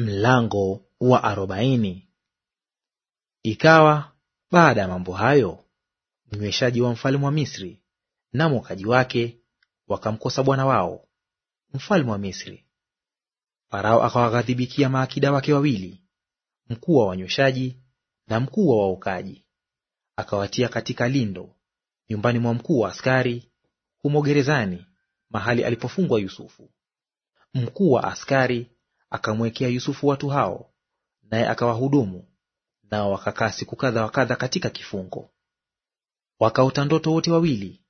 Mlango wa arobaini. Ikawa baada ya mambo hayo, mnyweshaji wa mfalme wa Misri na mwokaji wake wakamkosa bwana wao mfalme wa Misri. Farao akawaghadhibikia maakida wake wawili, mkuu wa wanyweshaji na mkuu wa waokaji, akawatia katika lindo nyumbani mwa mkuu wa askari, humo gerezani, mahali alipofungwa Yusufu. Mkuu wa askari akamwekea Yusufu watu hao, naye akawahudumu, nao wakakaa siku kadha wa kadha katika kifungo. Wakaota ndoto wote wawili,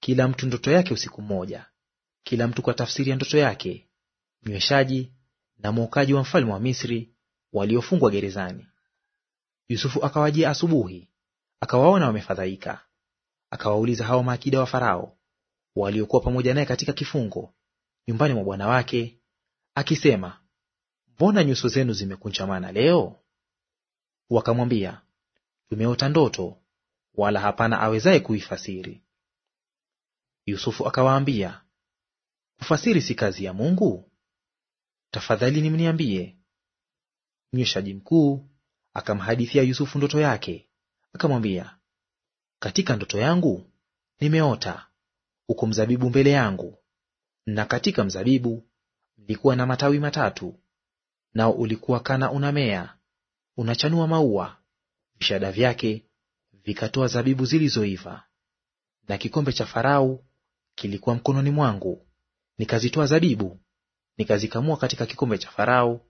kila mtu ndoto yake usiku mmoja, kila mtu kwa tafsiri ya ndoto yake, mnyweshaji na mwokaji wa mfalme wa Misri waliofungwa gerezani. Yusufu akawajia asubuhi, akawaona wamefadhaika. Akawauliza hao maakida wa Farao waliokuwa pamoja naye katika kifungo nyumbani mwa bwana wake, akisema, mbona nyuso zenu zimekunjamana leo? Wakamwambia, tumeota ndoto, wala hapana awezaye kuifasiri. Yusufu akawaambia, kufasiri si kazi ya Mungu? Tafadhali ni mniambie. Mnyweshaji mkuu akamhadithia Yusufu ndoto yake, akamwambia, katika ndoto yangu nimeota uko mzabibu mbele yangu, na katika mzabibu mlikuwa na matawi matatu nao ulikuwa kana unamea, unachanua maua, vishada vyake vikatoa zabibu zilizoiva. Na kikombe cha Farao kilikuwa mkononi mwangu, nikazitoa zabibu, nikazikamua katika kikombe cha Farao,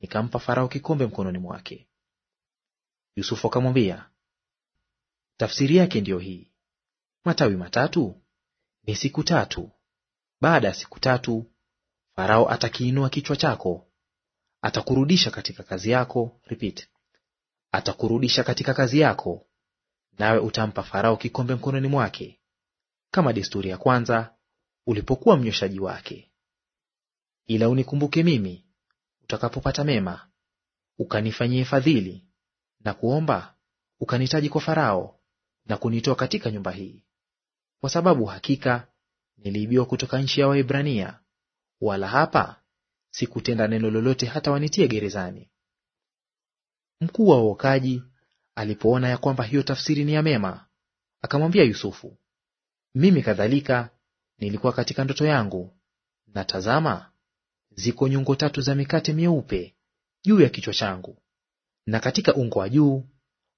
nikampa Farao kikombe mkononi mwake. Yusufu akamwambia, tafsiri yake ndiyo hii, matawi matatu ni siku tatu; baada ya siku tatu Farao atakiinua kichwa chako atakurudisha katika kazi yako repeat. Atakurudisha katika kazi yako, nawe utampa Farao kikombe mkononi mwake, kama desturi ya kwanza ulipokuwa mnyweshaji wake. Ila unikumbuke mimi utakapopata mema, ukanifanyie fadhili na kuomba, ukanitaji kwa Farao na kunitoa katika nyumba hii, kwa sababu hakika niliibiwa kutoka nchi ya Waebrania, wala hapa sikutenda neno lolote hata wanitie gerezani. Mkuu wa wokaji alipoona ya kwamba hiyo tafsiri ni ya mema, akamwambia Yusufu, mimi kadhalika nilikuwa katika ndoto yangu, na tazama, ziko nyungo tatu za mikate myeupe juu ya kichwa changu, na katika ungo wa juu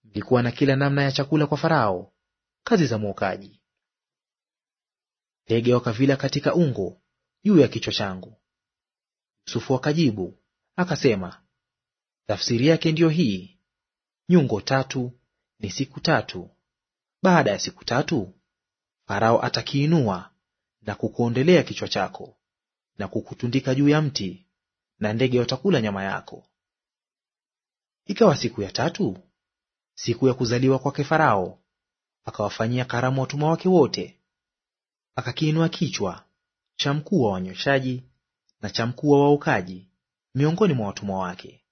mlikuwa na kila namna ya chakula kwa Farao, kazi za mwokaji. Ndege wakavila katika ungo juu ya kichwa changu, Yusufu akajibu akasema, tafsiri yake ndiyo hii, nyungo tatu ni siku tatu. Baada ya siku tatu Farao atakiinua na kukuondelea kichwa chako na kukutundika juu ya mti, na ndege watakula nyama yako. Ikawa siku ya tatu, siku ya kuzaliwa kwake Farao, akawafanyia karamu watumwa wake wote, akakiinua kichwa cha mkuu wa wanyweshaji na cha mkuu wa waokaji miongoni mwa watumwa wake.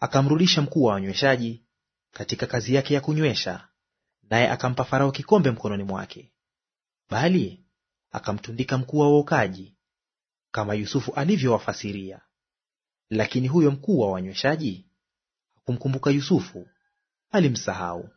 Akamrudisha mkuu wa wanyweshaji katika kazi yake ya kunywesha, naye akampa Farao kikombe mkononi mwake, bali akamtundika mkuu wa waokaji, kama Yusufu alivyowafasiria. Lakini huyo mkuu wa wanyweshaji hakumkumbuka Yusufu, alimsahau.